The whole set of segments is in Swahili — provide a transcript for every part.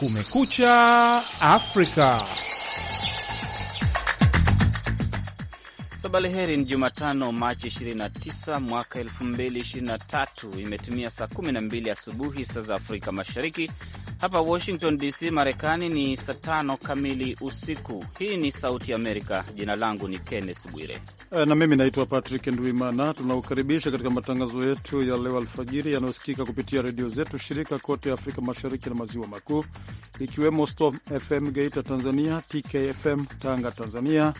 Kumekucha Afrika. heri, ni Jumatano, Machi 29 mwaka 2023. Imetumia saa 12 asubuhi saa za Afrika Mashariki, hapa Washington DC, Marekani ni saa tano kamili usiku. Hii ni Sauti Amerika. Jina langu ni Kenneth Bwire eh, na mimi naitwa Patrick Ndwimana. Tunakukaribisha katika matangazo yetu ya leo alfajiri yanayosikika kupitia redio zetu shirika kote Afrika Mashariki na Maziwa Makuu, ikiwemo Storm FM Geita Tanzania, TKFM Tanga Tanzania,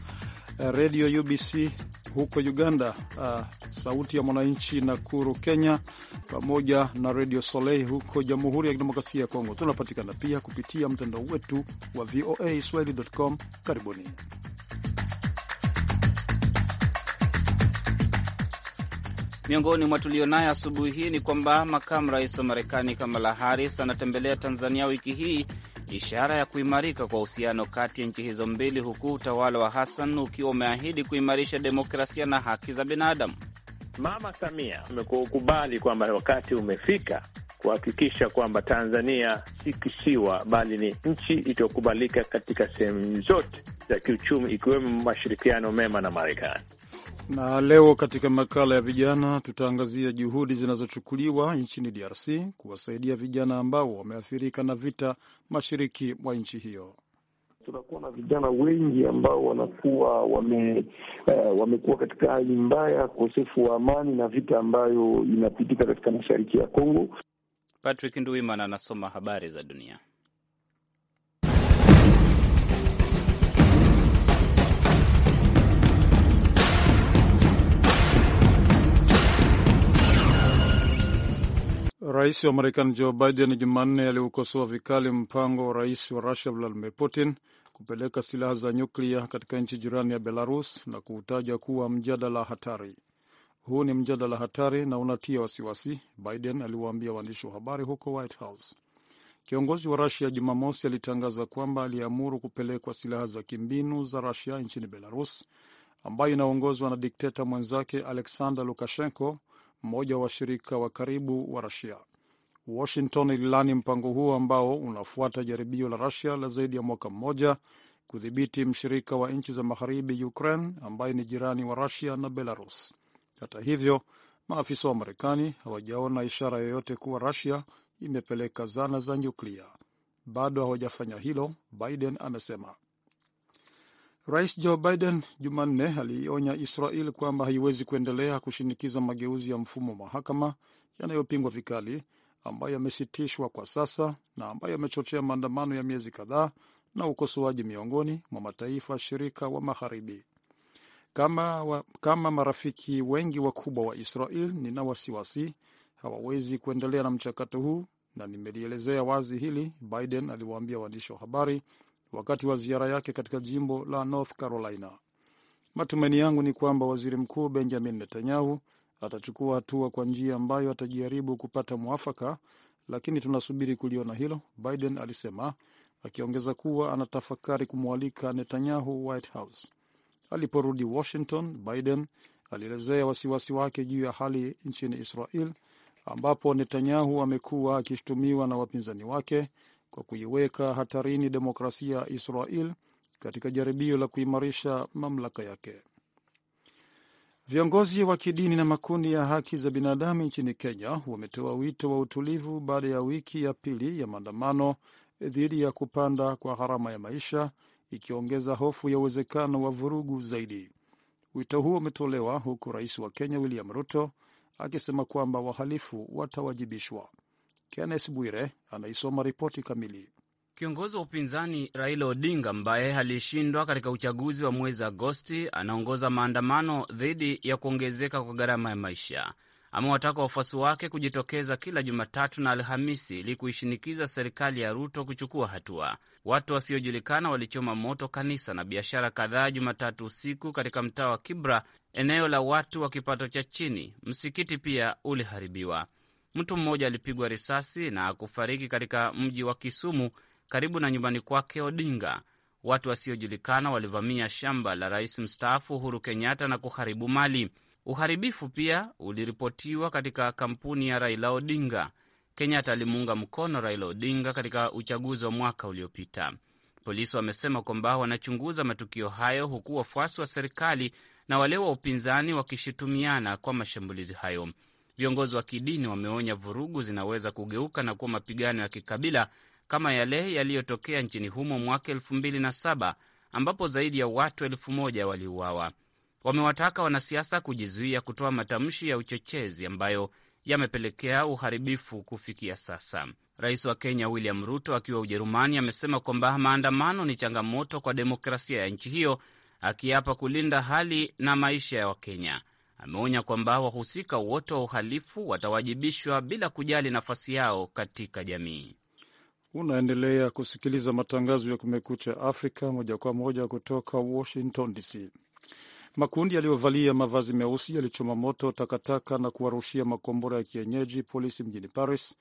Eh, redio UBC huko Uganda, uh, sauti ya mwananchi Nakuru Kenya, pamoja na redio Soleil huko Jamhuri ya Kidemokrasia ya Kongo. Tunapatikana pia kupitia mtandao wetu wa VOA swahili.com. Karibuni. Miongoni mwa tulionayo asubuhi hii ni kwamba makamu rais wa Marekani Kamala Harris anatembelea Tanzania wiki hii ishara ya kuimarika kwa uhusiano kati ya nchi hizo mbili, huku utawala wa Hassan ukiwa umeahidi kuimarisha demokrasia na haki za binadamu. Mama Samia amekukubali kwamba wakati umefika kuhakikisha kwamba Tanzania si kisiwa, bali ni nchi itayokubalika katika sehemu zote za kiuchumi, ikiwemo mashirikiano mema na Marekani. Na leo katika makala ya vijana tutaangazia juhudi zinazochukuliwa nchini DRC kuwasaidia vijana ambao wameathirika na vita mashariki mwa nchi hiyo. Tunakuwa na vijana wengi ambao wanakuwa wame, eh, wamekuwa katika hali mbaya, ukosefu wa amani na vita ambayo inapitika katika mashariki ya Kongo. Patrick Nduimana anasoma habari za dunia. Rais wa Marekani Joe Biden Jumanne aliukosoa vikali mpango wa rais wa Rusia Vladimir Putin kupeleka silaha za nyuklia katika nchi jirani ya Belarus na kuutaja kuwa mjadala hatari. Huu ni mjadala hatari na unatia wasiwasi, Biden aliwaambia waandishi wa habari huko White House. Kiongozi wa Rusia Jumamosi alitangaza kwamba aliamuru kupelekwa silaha za kimbinu za Rusia nchini Belarus, ambayo inaongozwa na dikteta mwenzake Alexander Lukashenko mmoja wa washirika wa karibu wa Rusia. Washington ililani mpango huo ambao unafuata jaribio la Rusia la zaidi ya mwaka mmoja kudhibiti mshirika wa nchi za magharibi Ukraine, ambaye ni jirani wa Rusia na Belarus. Hata hivyo, maafisa wa Marekani hawajaona ishara yoyote kuwa Rusia imepeleka zana za nyuklia. Bado hawajafanya hilo, Biden amesema. Rais Joe Biden Jumanne aliionya Israel kwamba haiwezi kuendelea kushinikiza mageuzi ya mfumo wa mahakama yanayopingwa vikali ambayo yamesitishwa kwa sasa na ambayo yamechochea maandamano ya miezi kadhaa na ukosoaji miongoni mwa mataifa shirika wa magharibi. Kama, wa, kama marafiki wengi wakubwa wa Israel nina wasiwasi hawawezi kuendelea na mchakato huu na nimelielezea wazi hili, Biden aliwaambia waandishi wa habari wakati wa ziara yake katika jimbo la North Carolina. Matumaini yangu ni kwamba waziri mkuu Benjamin Netanyahu atachukua hatua kwa njia ambayo atajaribu kupata mwafaka, lakini tunasubiri kuliona hilo, Biden alisema, akiongeza kuwa anatafakari kumwalika Netanyahu White House. Aliporudi Washington, Biden alielezea wasiwasi wake juu ya hali nchini Israel ambapo Netanyahu amekuwa akishutumiwa na wapinzani wake kwa kuiweka hatarini demokrasia ya Israel katika jaribio la kuimarisha mamlaka yake. Viongozi wa kidini na makundi ya haki za binadamu nchini Kenya wametoa wito wa utulivu baada ya wiki ya pili ya maandamano dhidi ya kupanda kwa gharama ya maisha, ikiongeza hofu ya uwezekano wa vurugu zaidi. Wito huo umetolewa huku rais wa Kenya William Ruto akisema kwamba wahalifu watawajibishwa. Kennes Bwire anaisoma ripoti kamili. Kiongozi wa upinzani Raila Odinga ambaye alishindwa katika uchaguzi wa mwezi Agosti anaongoza maandamano dhidi ya kuongezeka kwa gharama ya maisha. Amewataka wafuasi wake kujitokeza kila Jumatatu na Alhamisi ili kuishinikiza serikali ya Ruto kuchukua hatua. Watu wasiojulikana walichoma moto kanisa na biashara kadhaa Jumatatu usiku katika mtaa wa Kibra, eneo la watu wa kipato cha chini. Msikiti pia uliharibiwa. Mtu mmoja alipigwa risasi na kufariki katika mji wa Kisumu karibu na nyumbani kwake Odinga. Watu wasiojulikana walivamia shamba la rais mstaafu Uhuru Kenyatta na kuharibu mali. Uharibifu pia uliripotiwa katika kampuni ya Raila Odinga. Kenyatta alimuunga mkono Raila Odinga katika uchaguzi wa mwaka uliopita. Polisi wamesema kwamba wanachunguza matukio hayo, huku wafuasi wa serikali na wale wa upinzani wakishutumiana kwa mashambulizi hayo. Viongozi wa kidini wameonya vurugu zinaweza kugeuka na kuwa mapigano ya kikabila kama yale yaliyotokea nchini humo mwaka elfu mbili na saba ambapo zaidi ya watu elfu moja waliuawa. Wamewataka wanasiasa kujizuia kutoa matamshi ya uchochezi ambayo yamepelekea uharibifu kufikia sasa. Rais wa Kenya William Ruto akiwa Ujerumani amesema kwamba maandamano ni changamoto kwa demokrasia ya nchi hiyo, akiapa kulinda hali na maisha ya Wakenya ameonya kwamba wahusika wote wa uhalifu watawajibishwa bila kujali nafasi yao katika jamii. Unaendelea kusikiliza matangazo ya Kumekucha Afrika moja kwa moja kutoka Washington DC. Makundi yaliyovalia mavazi meusi yalichoma moto takataka na kuwarushia makombora ya kienyeji polisi mjini Paris,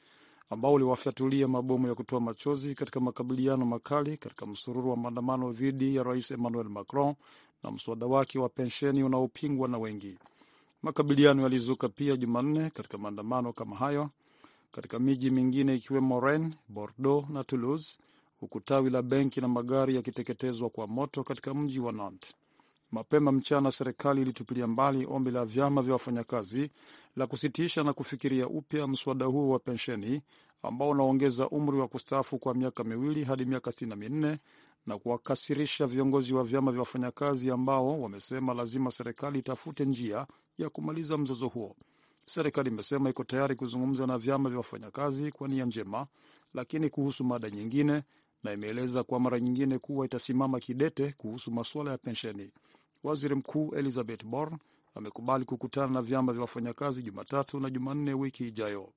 ambao uliwafyatulia mabomu ya kutoa machozi katika makabiliano makali katika msururu wa maandamano dhidi ya Rais Emmanuel Macron na mswada wake wa pensheni unaopingwa na wengi. Makabiliano yalizuka pia Jumanne katika maandamano kama hayo katika miji mingine ikiwemo Rennes, Bordeaux na Toulouse, huku tawi la benki na magari yakiteketezwa kwa moto katika mji wa Nantes. Mapema mchana, serikali ilitupilia mbali ombi la vyama vya wafanyakazi la kusitisha na kufikiria upya mswada huo wa pensheni ambao unaongeza umri wa kustaafu kwa miaka miwili hadi miaka sitini na minne na kuwakasirisha viongozi wa vyama vya wafanyakazi ambao wamesema lazima serikali itafute njia ya kumaliza mzozo huo. Serikali imesema iko tayari kuzungumza na vyama vya wafanyakazi kwa nia njema, lakini kuhusu mada nyingine, na imeeleza kwa mara nyingine kuwa itasimama kidete kuhusu masuala ya pensheni. Waziri Mkuu Elizabeth Borne amekubali kukutana na vyama vya wafanyakazi Jumatatu na Jumanne wiki ijayo.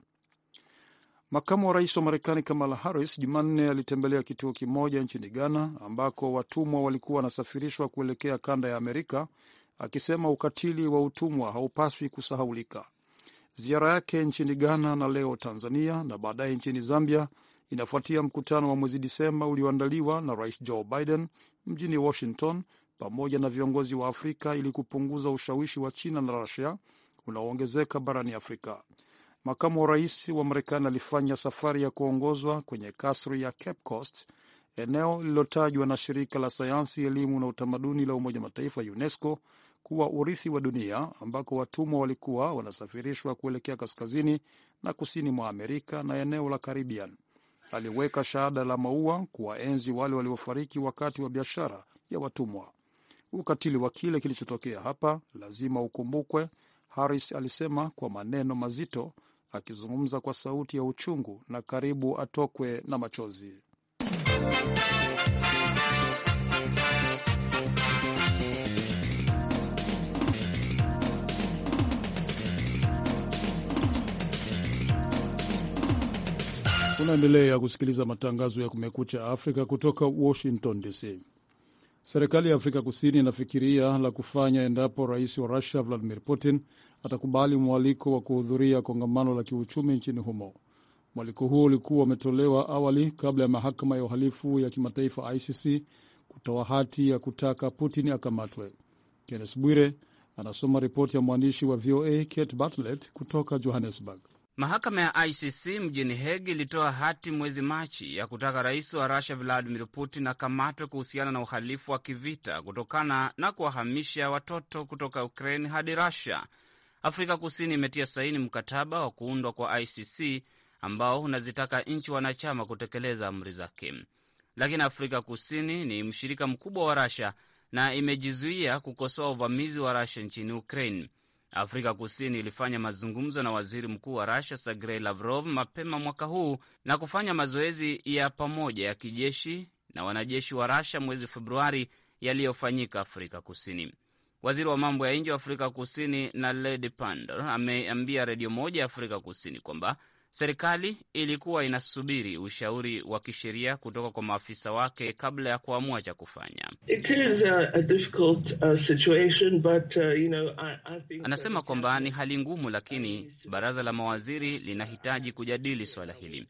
Makamu wa rais wa Marekani Kamala Harris Jumanne alitembelea kituo kimoja nchini Ghana ambako watumwa walikuwa wanasafirishwa kuelekea kanda ya Amerika akisema ukatili wa utumwa haupaswi kusahaulika. Ziara yake nchini Ghana na leo Tanzania na baadaye nchini Zambia inafuatia mkutano wa mwezi Disemba ulioandaliwa na Rais Joe Biden mjini Washington pamoja na viongozi wa Afrika ili kupunguza ushawishi wa China na Rusia unaoongezeka barani Afrika. Makamu wa rais wa Marekani alifanya safari ya kuongozwa kwenye kasri ya Cape Coast, eneo lililotajwa na shirika la sayansi, elimu na utamaduni la Umoja Mataifa, UNESCO, kuwa urithi wa dunia ambako watumwa walikuwa wanasafirishwa kuelekea kaskazini na kusini mwa Amerika na eneo la Karibian. Aliweka shahada la maua kuwaenzi wale waliofariki wakati wa biashara ya watumwa. Ukatili wa kile kilichotokea hapa lazima ukumbukwe, Harris alisema kwa maneno mazito, akizungumza kwa sauti ya uchungu na karibu atokwe na machozi. Unaendelea kusikiliza matangazo ya Kumekucha Afrika kutoka Washington DC. Serikali ya Afrika Kusini inafikiria la kufanya endapo rais wa Rusia Vladimir Putin atakubali mwaliko wa kuhudhuria kongamano la kiuchumi nchini humo. Mwaliko huo ulikuwa umetolewa awali kabla ya mahakama ya uhalifu ya kimataifa ICC kutoa hati ya kutaka Putin akamatwe. Kennes Bwire anasoma ripoti ya mwandishi wa VOA Kate Bartlett kutoka Johannesburg. Mahakama ya ICC mjini Hague ilitoa hati mwezi Machi ya kutaka rais wa Rusia Vladimir Putin akamatwe kuhusiana na uhalifu wa kivita kutokana na kuwahamisha watoto kutoka Ukraine hadi Rusia. Afrika Kusini imetia saini mkataba wa kuundwa kwa ICC ambao unazitaka nchi wanachama kutekeleza amri zake, lakini Afrika Kusini ni mshirika mkubwa wa Rusia na imejizuia kukosoa uvamizi wa Rusia nchini Ukraine. Afrika Kusini ilifanya mazungumzo na waziri mkuu wa Rusia Sergei Lavrov mapema mwaka huu na kufanya mazoezi ya pamoja ya kijeshi na wanajeshi wa Rusia mwezi Februari yaliyofanyika Afrika Kusini. Waziri wa mambo ya nje wa Afrika Kusini na Naledi Pandor ameambia redio moja ya Afrika Kusini kwamba Serikali ilikuwa inasubiri ushauri wa kisheria kutoka kwa maafisa wake kabla ya kuamua cha kufanya. Anasema kwamba ni hali ngumu, lakini baraza la mawaziri linahitaji kujadili swala hili.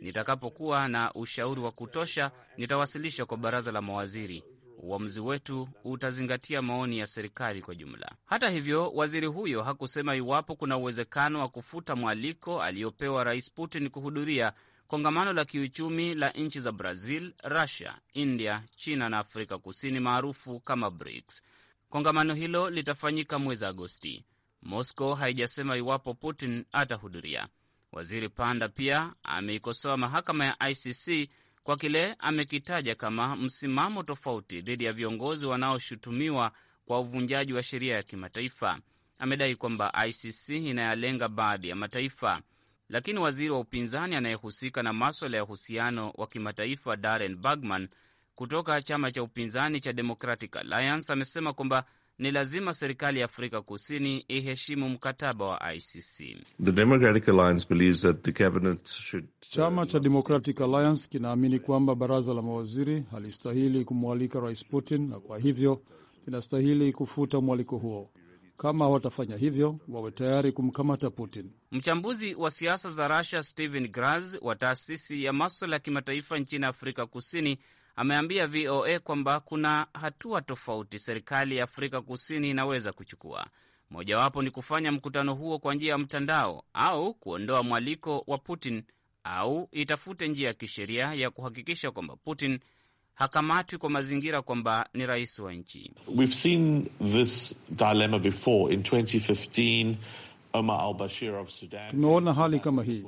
Nitakapokuwa na ushauri wa kutosha, nitawasilisha kwa baraza la mawaziri uamuzi wetu utazingatia maoni ya serikali kwa jumla. Hata hivyo, waziri huyo hakusema iwapo kuna uwezekano wa kufuta mwaliko aliyopewa Rais Putin kuhudhuria kongamano la kiuchumi la nchi za Brazil, Rusia, India, China na Afrika Kusini maarufu kama BRICS. Kongamano hilo litafanyika mwezi Agosti. Moscow haijasema iwapo Putin atahudhuria. Waziri Panda pia ameikosoa mahakama ya ICC kwa kile amekitaja kama msimamo tofauti dhidi ya viongozi wanaoshutumiwa kwa uvunjaji wa sheria ya kimataifa. Amedai kwamba ICC inayalenga baadhi ya mataifa, lakini waziri wa upinzani anayehusika na maswala ya uhusiano wa kimataifa Darren Bergman kutoka chama cha upinzani cha Democratic Alliance amesema kwamba ni lazima serikali ya Afrika Kusini iheshimu mkataba wa ICC. The Democratic Alliance believes that the cabinet should... Uh, Chama cha Democratic Alliance kinaamini kwamba baraza la mawaziri halistahili kumwalika Rais Putin na kwa hivyo linastahili kufuta mwaliko huo. Kama watafanya hivyo, wawe tayari kumkamata Putin. Mchambuzi wa siasa za Russia Stephen Graz wa taasisi ya maswala ya kimataifa nchini Afrika Kusini ameambia VOA kwamba kuna hatua tofauti serikali ya Afrika Kusini inaweza kuchukua. Mojawapo ni kufanya mkutano huo kwa njia ya mtandao au kuondoa mwaliko wa Putin au itafute njia ya kisheria ya kuhakikisha kwamba Putin hakamatwi kwa mazingira kwamba ni rais wa nchi. We've seen this dilemma before in 2015 Omar al-Bashir of Sudan. Tumeona hali kama hii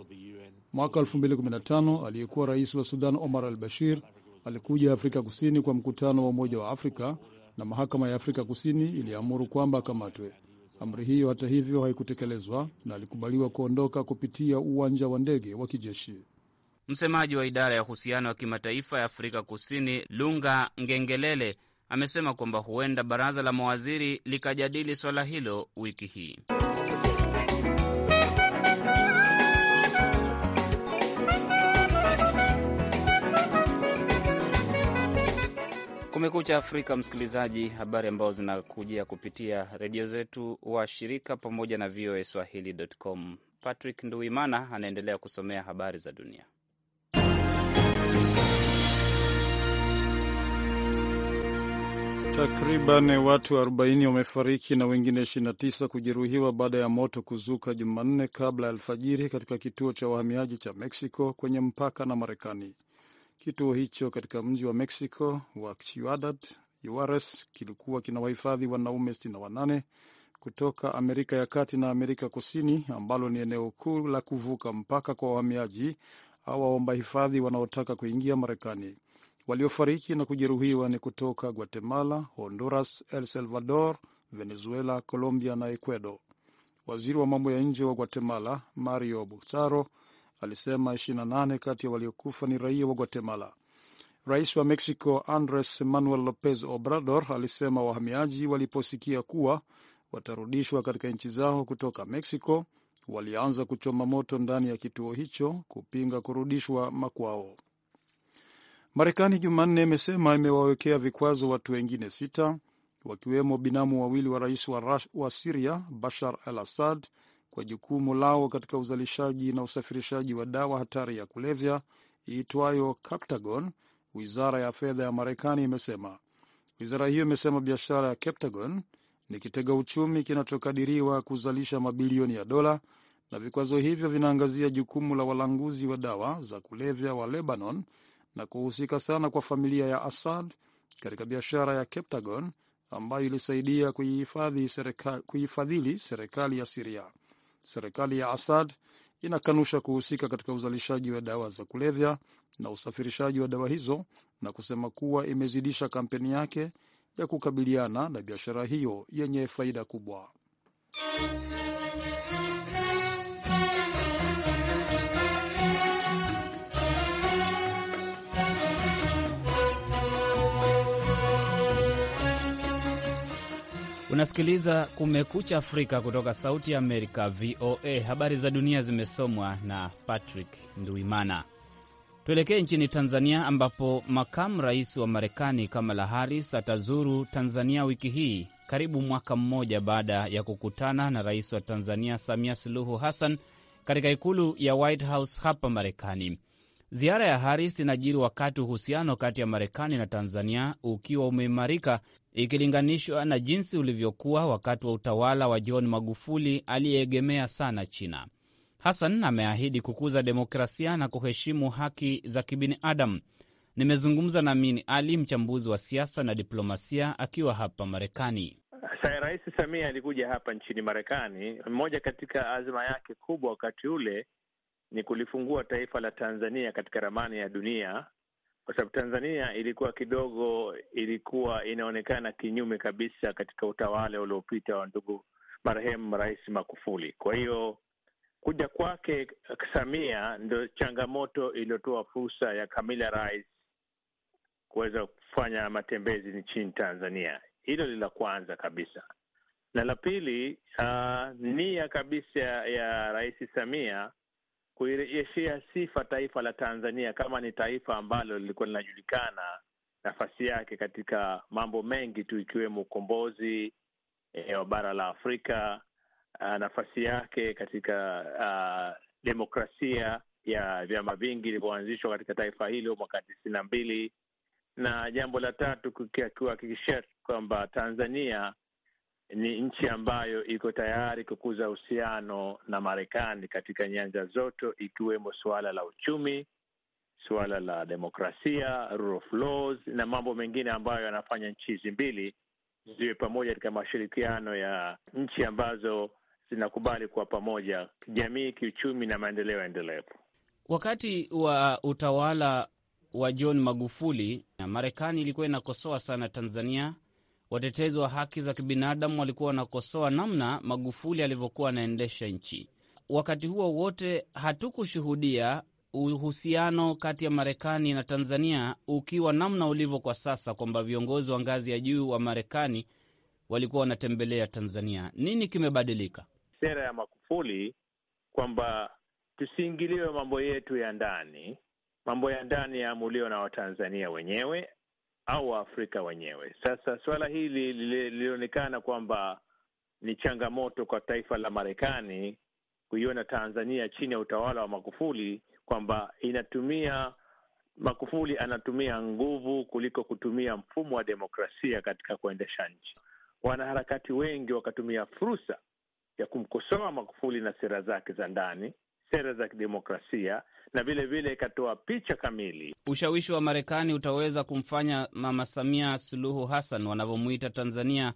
mwaka 2015, aliyekuwa rais wa Sudan Omar al-Bashir alikuja Afrika Kusini kwa mkutano wa Umoja wa Afrika na mahakama ya Afrika Kusini iliamuru kwamba akamatwe. Amri hiyo hata hivyo haikutekelezwa na alikubaliwa kuondoka kupitia uwanja wa ndege wa kijeshi. Msemaji wa idara ya uhusiano wa kimataifa ya Afrika Kusini Lunga Ngengelele amesema kwamba huenda baraza la mawaziri likajadili swala hilo wiki hii. Kumekucha Afrika, msikilizaji, habari ambazo zinakujia kupitia redio zetu wa shirika pamoja na VOA Swahili.com. Patrick Nduimana anaendelea kusomea habari za dunia. Takriban watu 40 wamefariki na wengine 29 kujeruhiwa baada ya moto kuzuka Jumanne kabla ya alfajiri katika kituo cha wahamiaji cha Mexico kwenye mpaka na Marekani. Kituo hicho katika mji wa Mexico wa Ciudad Juarez kilikuwa kina wahifadhi wanaume 68 kutoka Amerika ya Kati na Amerika Kusini, ambalo ni eneo kuu la kuvuka mpaka kwa wahamiaji au waomba hifadhi wanaotaka kuingia Marekani. Waliofariki na kujeruhiwa ni kutoka Guatemala, Honduras, el Salvador, Venezuela, Colombia na Ecuador. Waziri wa mambo ya nje wa Guatemala, Mario Bucharo, alisema 28 kati ya waliokufa ni raia wa Guatemala. Rais wa Mexico Andres Manuel Lopez Obrador alisema wahamiaji waliposikia kuwa watarudishwa katika nchi zao kutoka Mexico, walianza kuchoma moto ndani ya kituo hicho kupinga kurudishwa makwao. Marekani Jumanne imesema imewawekea vikwazo watu wengine sita, wakiwemo binamu wawili wa rais wa Siria Bashar al Assad kwa jukumu lao katika uzalishaji na usafirishaji wa dawa hatari ya kulevya iitwayo Captagon, wizara ya fedha ya Marekani imesema. Wizara hiyo imesema biashara ya Captagon ni kitega uchumi kinachokadiriwa kuzalisha mabilioni ya dola, na vikwazo hivyo vinaangazia jukumu la walanguzi wa dawa za kulevya wa Lebanon na kuhusika sana kwa familia ya Assad katika biashara ya Captagon ambayo ilisaidia kuifadhili serikali ya Siria. Serikali ya Assad inakanusha kuhusika katika uzalishaji wa dawa za kulevya na usafirishaji wa dawa hizo na kusema kuwa imezidisha kampeni yake ya kukabiliana na biashara hiyo yenye faida kubwa. Unasikiliza Kumekucha Afrika kutoka Sauti ya Amerika, VOA. Habari za dunia zimesomwa na Patrick Nduimana. Tuelekee nchini Tanzania, ambapo makamu rais wa Marekani Kamala Harris atazuru Tanzania wiki hii, karibu mwaka mmoja baada ya kukutana na rais wa Tanzania Samia Suluhu Hassan katika ikulu ya White House hapa Marekani. Ziara ya Harris inajiri wakati uhusiano kati ya Marekani na Tanzania ukiwa umeimarika ikilinganishwa na jinsi ulivyokuwa wakati wa utawala wa John Magufuli aliyeegemea sana China. Hassan ameahidi kukuza demokrasia na kuheshimu haki za kibinadamu. Nimezungumza na Amin Ali, mchambuzi wa siasa na diplomasia, akiwa hapa Marekani. Rais Samia alikuja hapa nchini Marekani. Mmoja katika azma yake kubwa wakati ule ni kulifungua taifa la Tanzania katika ramani ya dunia kwa sababu Tanzania ilikuwa kidogo ilikuwa inaonekana kinyume kabisa katika utawala uliopita wa ndugu marehemu Rais Magufuli. Kwa hiyo kuja kwake Samia ndo changamoto iliyotoa fursa ya Kamila Rais kuweza kufanya matembezi nchini Tanzania. Hilo ni la kwanza kabisa, na la pili, uh, nia kabisa ya Rais Samia kuirejeshea eh, sifa taifa la Tanzania kama ni taifa ambalo lilikuwa linajulikana nafasi yake katika mambo mengi tu ikiwemo ukombozi e, wa bara la Afrika, a, ah, nafasi yake katika a, ah, demokrasia ya vyama vingi ilivyoanzishwa katika taifa hilo mwaka tisini na mbili na jambo la tatu kuhakikishia kwamba Tanzania ni nchi ambayo iko tayari kukuza uhusiano na Marekani katika nyanja zote, ikiwemo suala la uchumi, suala la demokrasia, rule of laws, na mambo mengine ambayo yanafanya nchi hizi mbili ziwe pamoja katika mashirikiano ya nchi ambazo zinakubali kuwa pamoja kijamii, kiuchumi na maendeleo endelevu. Wakati wa utawala wa John Magufuli, Marekani ilikuwa inakosoa sana Tanzania Watetezi wa haki za kibinadamu walikuwa wanakosoa namna Magufuli alivyokuwa anaendesha nchi. Wakati huo wote, hatukushuhudia uhusiano kati ya Marekani na Tanzania ukiwa namna ulivyo kwa sasa, kwamba viongozi wa ngazi ya juu wa Marekani walikuwa wanatembelea Tanzania. Nini kimebadilika? Sera ya Magufuli kwamba tusiingiliwe mambo yetu ya ndani, mambo ya ndani yaamuliwe na Watanzania wenyewe, au Waafrika wenyewe. Sasa suala hili lilionekana kwamba ni changamoto kwa taifa la Marekani kuiona Tanzania chini ya utawala wa Magufuli, kwamba inatumia Magufuli anatumia nguvu kuliko kutumia mfumo wa demokrasia katika kuendesha nchi. Wanaharakati wengi wakatumia fursa ya kumkosoa Magufuli na sera zake za ndani, sera za kidemokrasia na vile vile ikatoa picha kamili. Ushawishi wa Marekani utaweza kumfanya Mama Samia Suluhu Hassan wanavyomwita Tanzania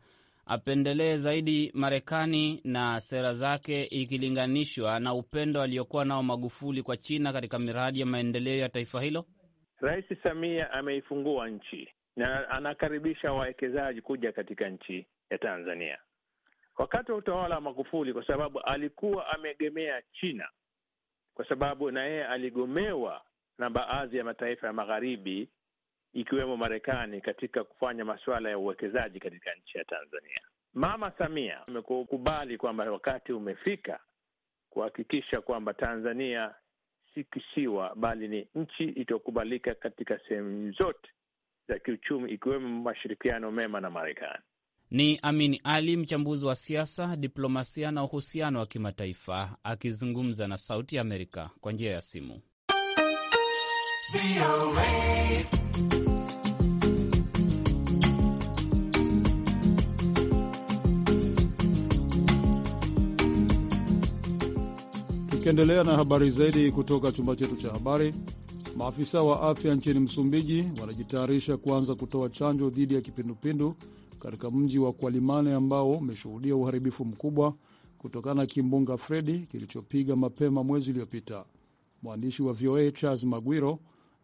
apendelee zaidi Marekani na sera zake ikilinganishwa na upendo aliokuwa nao Magufuli kwa China katika miradi ya maendeleo ya taifa hilo. Rais Samia ameifungua nchi na anakaribisha wawekezaji kuja katika nchi ya Tanzania wakati wa utawala wa Magufuli, kwa sababu alikuwa ameegemea China kwa sababu na yeye aligomewa na baadhi ya mataifa ya magharibi ikiwemo Marekani katika kufanya masuala ya uwekezaji katika nchi ya Tanzania. Mama Samia amekubali kwamba wakati umefika kuhakikisha kwamba Tanzania si kisiwa, bali ni nchi itayokubalika katika sehemu zote za kiuchumi, ikiwemo mashirikiano mema na Marekani. Ni Amin Ali, mchambuzi wa siasa, diplomasia na uhusiano wa kimataifa, akizungumza na Sauti ya Amerika kwa njia ya simu. Tukiendelea na habari zaidi kutoka chumba chetu cha habari, maafisa wa afya nchini Msumbiji wanajitayarisha kuanza kutoa chanjo dhidi ya kipindupindu katika mji wa Kwalimane ambao umeshuhudia uharibifu mkubwa kutokana na kimbunga Fredi kilichopiga mapema mwezi uliopita. Mwandishi wa VOA Charles Magwiro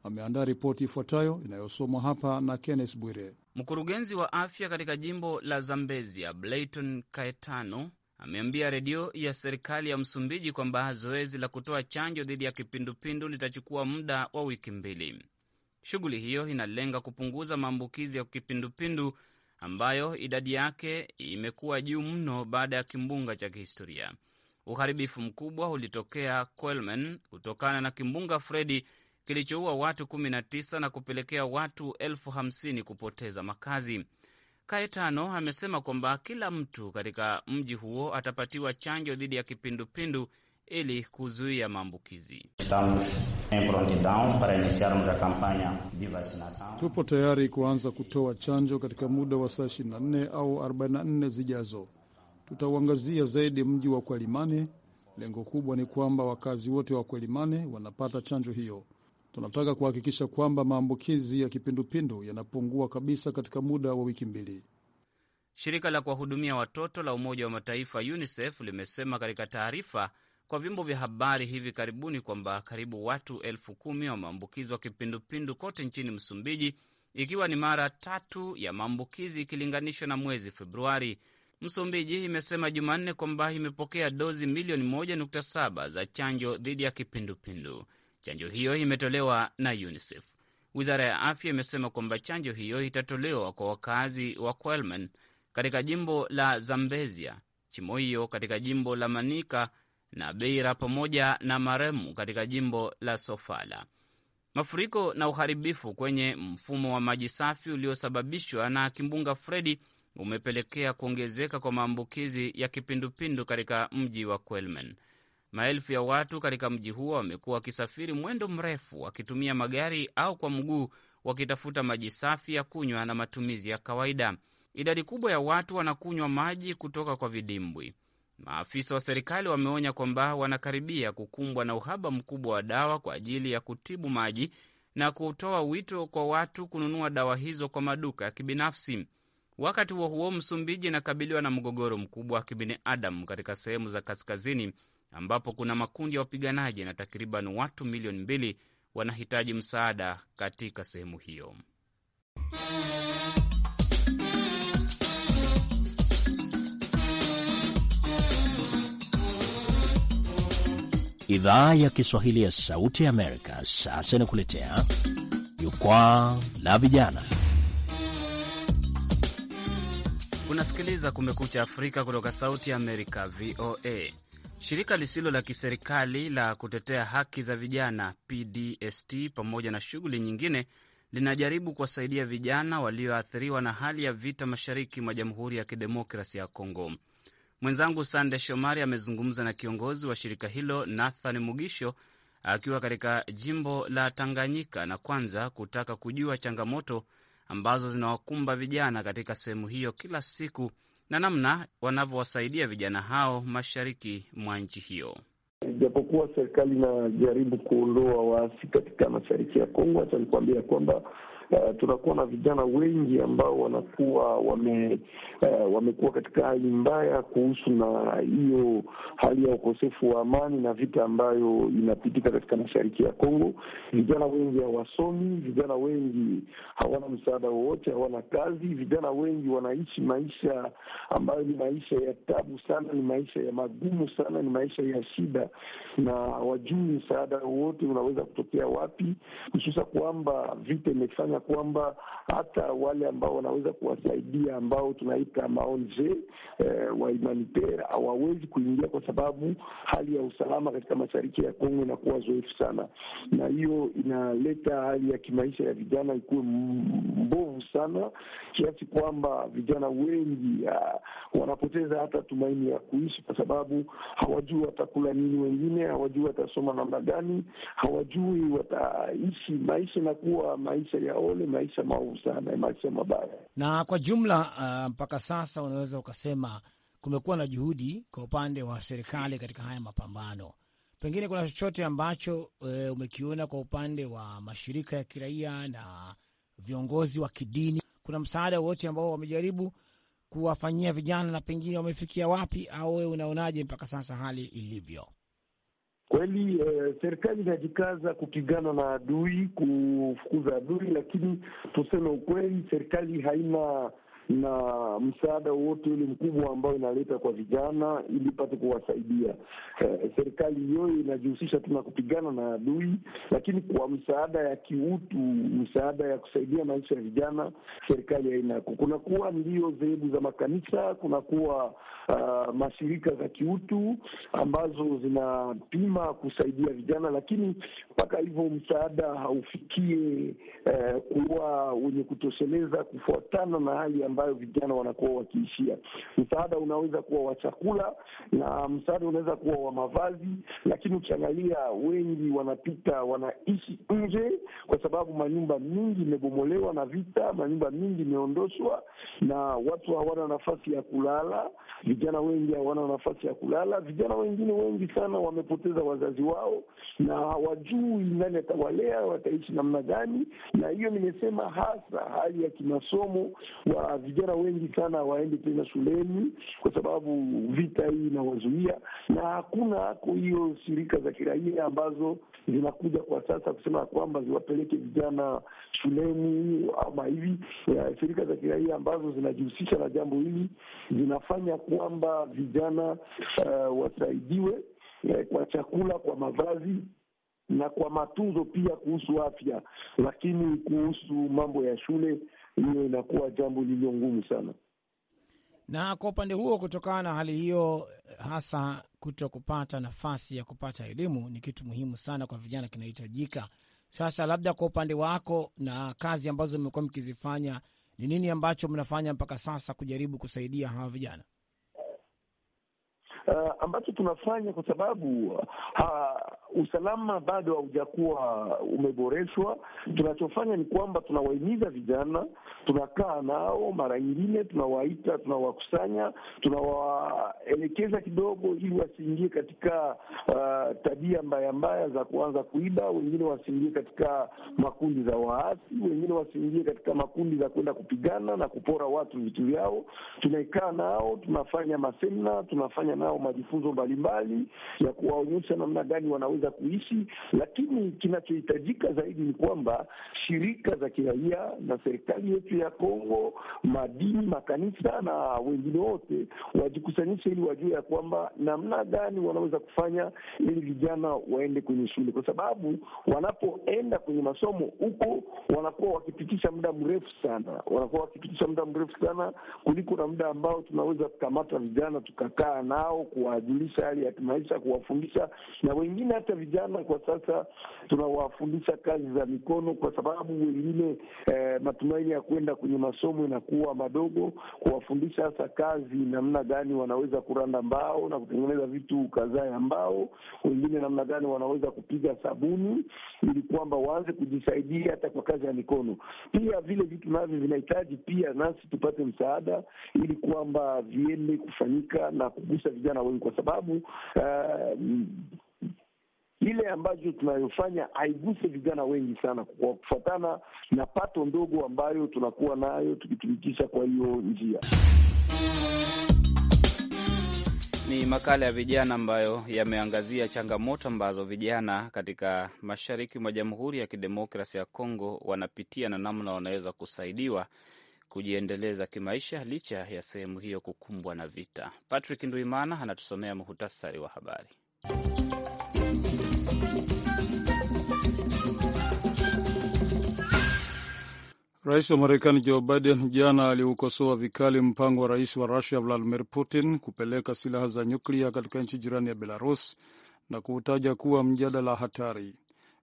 ameandaa ripoti ifuatayo inayosomwa hapa na Kenneth Bwire. Mkurugenzi wa afya katika jimbo la Zambezia, Blayton Caetano, ameambia redio ya serikali ya Msumbiji kwamba zoezi la kutoa chanjo dhidi ya kipindupindu litachukua muda wa wiki mbili. Shughuli hiyo inalenga kupunguza maambukizi ya kipindupindu ambayo idadi yake imekuwa juu mno baada ya kimbunga cha kihistoria. Uharibifu mkubwa ulitokea Quelman kutokana na kimbunga Fredi kilichoua watu 19 na kupelekea watu elfu hamsini kupoteza makazi. Kaetano amesema kwamba kila mtu katika mji huo atapatiwa chanjo dhidi ya kipindupindu ili kuzuia maambukizi. Tupo tayari kuanza kutoa chanjo katika muda wa saa 24 au 44 zijazo. Tutauangazia zaidi mji wa Kwelimane. Lengo kubwa ni kwamba wakazi wote wa Kwelimane wanapata chanjo hiyo. Tunataka kuhakikisha kwamba maambukizi ya kipindupindu yanapungua kabisa katika muda wa wiki mbili. Shirika la kuwahudumia watoto la Umoja wa Mataifa UNICEF limesema katika taarifa kwa vyombo vya habari hivi karibuni kwamba karibu watu elfu kumi wameambukizwa kipindupindu kote nchini Msumbiji, ikiwa ni mara tatu ya maambukizi ikilinganishwa na mwezi Februari. Msumbiji imesema Jumanne kwamba imepokea dozi milioni 1.7 za chanjo dhidi ya kipindupindu. Chanjo hiyo imetolewa na UNICEF. Wizara ya afya imesema kwamba chanjo hiyo itatolewa kwa wakazi wa Quelman katika jimbo la Zambezia, Chimoio katika jimbo la manika na Beira pamoja na Maremu katika jimbo la Sofala. Mafuriko na uharibifu kwenye mfumo wa maji safi uliosababishwa na kimbunga Fredi umepelekea kuongezeka kwa maambukizi ya kipindupindu katika mji wa Quelmen. Maelfu ya watu katika mji huo wamekuwa wakisafiri mwendo mrefu wakitumia magari au kwa mguu, wakitafuta maji safi ya kunywa na matumizi ya kawaida. Idadi kubwa ya watu wanakunywa maji kutoka kwa vidimbwi. Maafisa wa serikali wameonya kwamba wanakaribia kukumbwa na uhaba mkubwa wa dawa kwa ajili ya kutibu maji na kutoa wito kwa watu kununua dawa hizo kwa maduka ya kibinafsi. Wakati huo huo, Msumbiji inakabiliwa na mgogoro mkubwa wa kibinadamu katika sehemu za kaskazini ambapo kuna makundi ya wapiganaji na takriban watu milioni mbili wanahitaji msaada katika sehemu hiyo. Idhaa ya Kiswahili ya Sauti ya Amerika sasa inakuletea jukwaa la vijana. Unasikiliza Kumekucha Afrika kutoka Sauti ya Amerika, VOA. Shirika lisilo la kiserikali la kutetea haki za vijana PDST pamoja na shughuli nyingine linajaribu kuwasaidia vijana walioathiriwa na hali ya vita mashariki mwa Jamhuri ya Kidemokrasi ya Kongo. Mwenzangu Sande Shomari amezungumza na kiongozi wa shirika hilo Nathan Mugisho akiwa katika jimbo la Tanganyika, na kwanza kutaka kujua changamoto ambazo zinawakumba vijana katika sehemu hiyo kila siku na namna wanavyowasaidia vijana hao mashariki mwa nchi hiyo. Ijapokuwa serikali inajaribu kuondoa waasi katika mashariki ya Kongo, hata nikuambia kwamba uh, tunakuwa na vijana wengi ambao wanakuwa wame, uh, wamekuwa katika hali mbaya kuhusu na hiyo hali ya ukosefu wa amani na vita ambayo inapitika katika mashariki ya Kongo. Vijana wengi hawasomi, vijana wengi hawana msaada wowote, hawana kazi, vijana wengi wanaishi maisha ambayo ni maisha ya tabu sana, ni maisha ya magumu sana, ni maisha ya shida, na wajui msaada wowote unaweza kutokea wapi, hususa kwamba vita imefanya kwamba hata wale ambao wanaweza kuwasaidia ambao tunaita maonje eh, wa humanitaire hawawezi kuingia kwa sababu hali ya usalama katika mashariki ya Kongo inakuwa zoefu sana, na hiyo inaleta hali ya kimaisha ya vijana ikuwe mbovu sana kiasi kwamba vijana wengi uh, wanapoteza hata tumaini ya kuishi kwa sababu hawajui watakula nini, wengine hawajui watasoma namna gani, hawajui wataishi maisha, inakuwa maisha yao ule maisha maovu sana, maisha mabaya. Na kwa jumla uh, mpaka sasa unaweza ukasema kumekuwa na juhudi kwa upande wa serikali katika haya mapambano. Pengine kuna chochote ambacho uh, umekiona kwa upande wa mashirika ya kiraia na viongozi wa kidini? Kuna msaada wote ambao wamejaribu kuwafanyia vijana na pengine wamefikia wapi, au wewe unaonaje mpaka sasa hali ilivyo? Kweli eh, serikali inajikaza kupigana na adui, kufukuza adui, lakini tuseme ukweli, serikali haina na msaada wote ule mkubwa ambao inaleta kwa vijana ili ipate kuwasaidia. Eh, serikali hiyo inajihusisha tu na kupigana na adui, lakini kwa msaada ya kiutu, msaada ya kusaidia maisha ya vijana, serikali hainako. Kunakuwa ndio dhehebu za makanisa, kunakuwa uh, mashirika za kiutu ambazo zinapima kusaidia vijana, lakini mpaka hivyo msaada haufikie uh, kuwa wenye kutosheleza kufuatana na hali ambayo ambayo vijana wanakuwa wakiishia. Msaada unaweza kuwa wa chakula na msaada unaweza kuwa wa mavazi, lakini ukiangalia wengi wanapita wanaishi nje, kwa sababu manyumba mingi imebomolewa na vita, manyumba mingi imeondoshwa na watu hawana nafasi ya kulala. Vijana wengi hawana nafasi ya kulala. Vijana wengine wengi sana wamepoteza wazazi wao na hawajui nani atawalea, wataishi namna gani. Na hiyo nimesema hasa hali ya kimasomo wa vijana wengi sana waende tena shuleni kwa sababu vita hii inawazuia, na hakuna hako hiyo shirika za kiraia ambazo zinakuja kwa sasa kusema kwamba ziwapeleke vijana shuleni ama hivi. Shirika za kiraia ambazo zinajihusisha na jambo hili zinafanya kwamba vijana uh, wasaidiwe uh, kwa chakula, kwa mavazi na kwa matunzo pia kuhusu afya, lakini kuhusu mambo ya shule hiyo inakuwa jambo lililo ngumu sana. Na kwa upande huo, kutokana na hali hiyo, hasa kuto kupata nafasi ya kupata elimu ni kitu muhimu sana kwa vijana, kinahitajika. Sasa labda kwa upande wako na kazi ambazo mmekuwa mkizifanya, ni nini ambacho mnafanya mpaka sasa kujaribu kusaidia hawa vijana? Uh, ambacho tunafanya kwa sababu uh, usalama bado haujakuwa umeboreshwa. Tunachofanya ni kwamba tunawahimiza vijana, tunakaa nao, mara nyingine tunawaita, tunawakusanya, tunawaelekeza kidogo, ili wasiingie katika uh, tabia mbaya mbaya za kuanza kuiba, wengine wasiingie katika makundi za waasi, wengine wasiingie katika makundi za kwenda kupigana na kupora watu vitu vyao. tunaekaa nao, tunafanya masemina, tunafanya nao majifunzo mbalimbali ya kuwaonyesha namna gani wanaweza za kuishi, lakini kinachohitajika zaidi ni kwamba shirika za kiraia na serikali yetu ya Kongo, madini, makanisa na wengine wote wajikusanyishe ili wajue ya kwamba namna gani wanaweza kufanya ili vijana waende kwenye shule, kwa sababu wanapoenda kwenye masomo huko wanakuwa wakipitisha muda mrefu sana, wanakuwa wakipitisha muda mrefu sana kuliko na muda ambao tunaweza kukamata vijana tukakaa nao, kuwajulisha hali ya kimaisha, kuwafundisha na wengine hata hata vijana kwa sasa tunawafundisha kazi za mikono, kwa sababu wengine eh, matumaini ya kwenda kwenye masomo inakuwa madogo. Kuwafundisha hasa kazi namna gani wanaweza kuranda mbao na kutengeneza vitu kadhaa ya mbao, wengine namna gani wanaweza kupiga sabuni, ili kwamba waanze kujisaidia hata kwa kazi ya mikono. Pia vile vitu navyo vinahitaji pia nasi tupate msaada, ili kwamba viende kufanyika na kugusa vijana wengi, kwa sababu uh, ile ambayo tunayofanya haiguse vijana wengi sana, kwa kufuatana na pato ndogo ambayo tunakuwa nayo tukitumikisha kwa hiyo njia. Ni makala ya vijana ambayo yameangazia changamoto ambazo vijana katika mashariki mwa Jamhuri ya Kidemokrasi ya Kongo wanapitia na namna wanaweza kusaidiwa kujiendeleza kimaisha licha ya sehemu hiyo kukumbwa na vita. Patrick Nduimana anatusomea muhutasari wa habari. Rais wa Marekani Joe Biden jana aliukosoa vikali mpango wa rais wa Rusia Vladimir Putin kupeleka silaha za nyuklia katika nchi jirani ya Belarus na kuutaja kuwa mjadala hatari.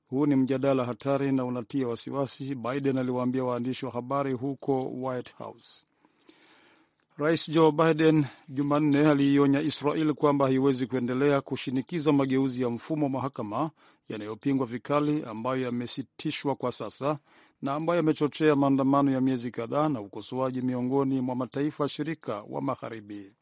Huu ni mjadala hatari na unatia wasiwasi, Biden aliwaambia waandishi wa habari huko White House. Rais Joe Biden Jumanne aliionya Israel kwamba haiwezi kuendelea kushinikiza mageuzi ya mfumo wa mahakama yanayopingwa vikali ambayo yamesitishwa kwa sasa na ambayo yamechochea maandamano ya miezi kadhaa na ukosoaji miongoni mwa mataifa ya shirika wa magharibi.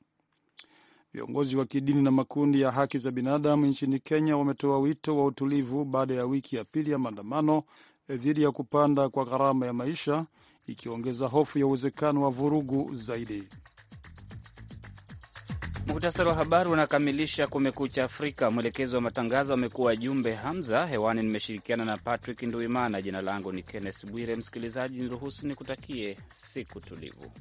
Viongozi wa kidini na makundi ya haki za binadamu nchini Kenya wametoa wito wa utulivu baada ya wiki ya pili ya maandamano eh, dhidi ya kupanda kwa gharama ya maisha, ikiongeza hofu ya uwezekano wa vurugu zaidi. Muhtasari wa habari unakamilisha Kumekucha Afrika. Mwelekezi wa matangazo amekuwa Jumbe Hamza. Hewani nimeshirikiana na Patrick Nduimana. Jina langu ni Kenneth Bwire. Msikilizaji, niruhusu nikutakie siku tulivu.